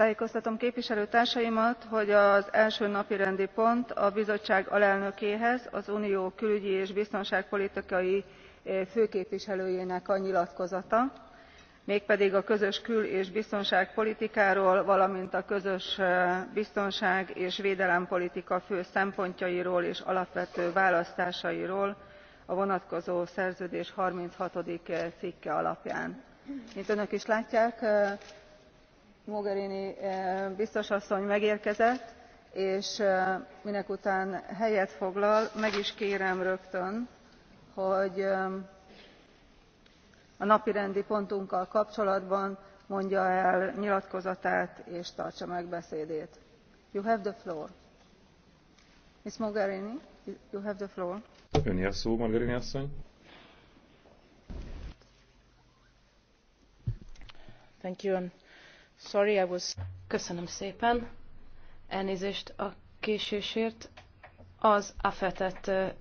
tájékoztatom képviselőtársaimat hogy az első napirendi pont a bizottság alelnökéhez az unió külügyi és biztonságpolitikai eh, főképviselőjének a nyilatkozata mégpedig a közös kül és biztonságpolitikáról valamint a közös eh, biztonság és védelempolitika fő szempontjairól és alapvető választásairól a vonatkozó szerződés thirty eh, six cikke alapján. mint önök is látják mogherini eh, biztos asszony megérkezett és eh, minekután helyet foglal meg is kérem rögtön hogy eh, a napirendi pontunkkal kapcsolatban mondja el nyilatkozatát és tartsa meg beszédét. you have the floor. ms mogherini you have the floor. Ön a szó mogherini asszony. Thank you. Sorry, I was... Köszönöm szépen. Elnézést a késésért. Az afetett.